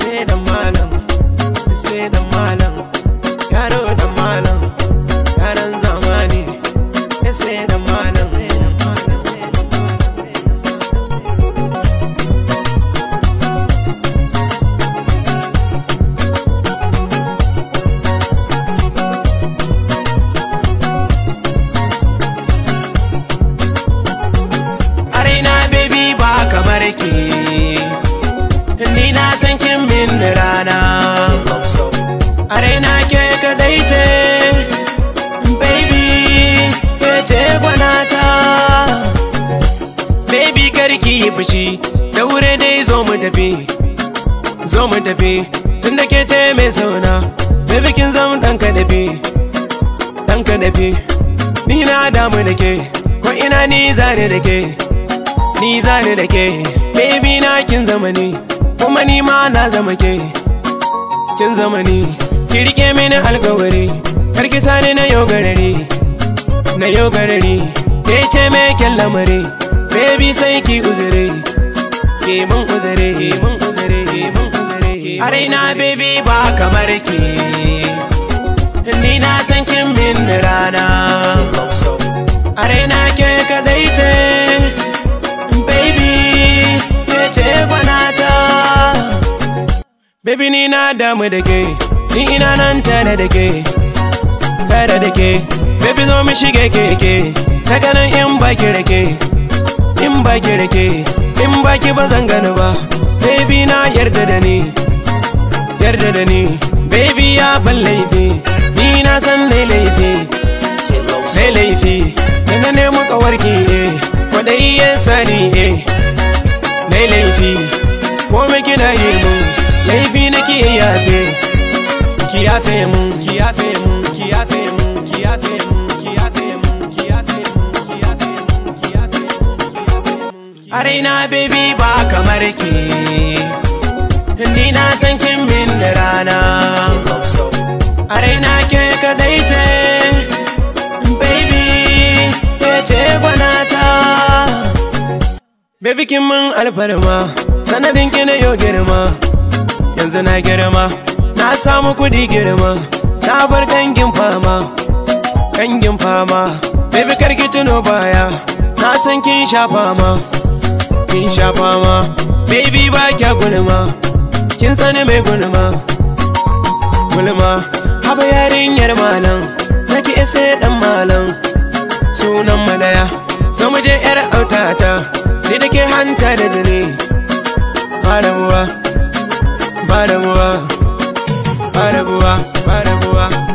sai da malam sai da malam baby ki yi fushi da wure dai zo mu tafi zo mu tafi tun da ke ce mai zauna. baby kin zama dan dafi dan dafi ni na damu da ke ko ina ni zane da ke ni zare da ke baby na kin zama ni kuma ni ma na zama ke kin zama ni ki rike mini alkawari Kar ki sani na yau garari na yau garari ke ce mai kyan lamari baby sai ki uzure ke mun uzure mun uzure mun uzure a baby ba kamar ki ni na san kin min rana a na ke kadai ce baby ke ce ta. baby ni na damu da ke ni ina nan tare da ke tare da ke baby zo mi shige keke ta ganin in baki rake in ba ki rike in ba ki ba zan gani ba baby na yarda da ni yarda da ni baby ya ban laifi ni na san lai laifi lai laifi da na nemo kawarki eh kwadayi ya sani eh lai laifi ki kina yi mu laifi na ki yafe ki yafe mu ki yafe mu ki yafe mu ki yafe mu Araina raina baby ba kamar ki ni na san kin min da rana a raina ke kadai ce baby ke ce gwanata baby kin min alfarma sanadin ki na yau girma yanzu na girma na samu kudi girma na bar dangin fama dangin fama baby karki tuno baya na san kin sha fama kin shafa fama baby ba kya gulma kin sani mai gulma gulma haba yarinyar malam naki isa dan malam sunan madaya sai mu je yar autata ni da ke hanta da dare barabuwa barabuwa barabuwa barabuwa